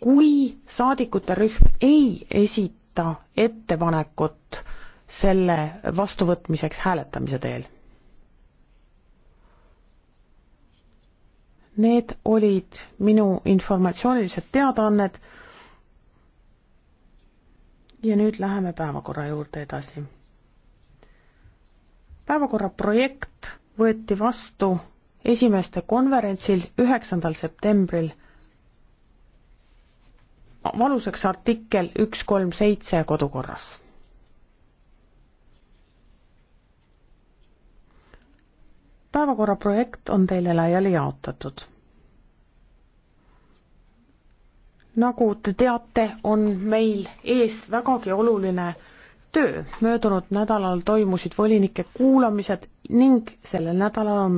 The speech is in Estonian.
kui saadikute rühm ei esita ettepanekut selle vastuvõtmiseks hääletamise teel. Need olid minu informatsioonilised teadaanned. ja nüüd läheme päevakorra juurde edasi. päevakorra projekt võeti vastu esimeste konverentsil üheksandal septembril aluseks artikkel üks kolm seitse kodukorras. päevakorra projekt on teile laiali jaotatud. nagu te teate, on meil ees vägagi oluline töö. möödunud nädalal toimusid volinike kuulamised ning sellel nädalal on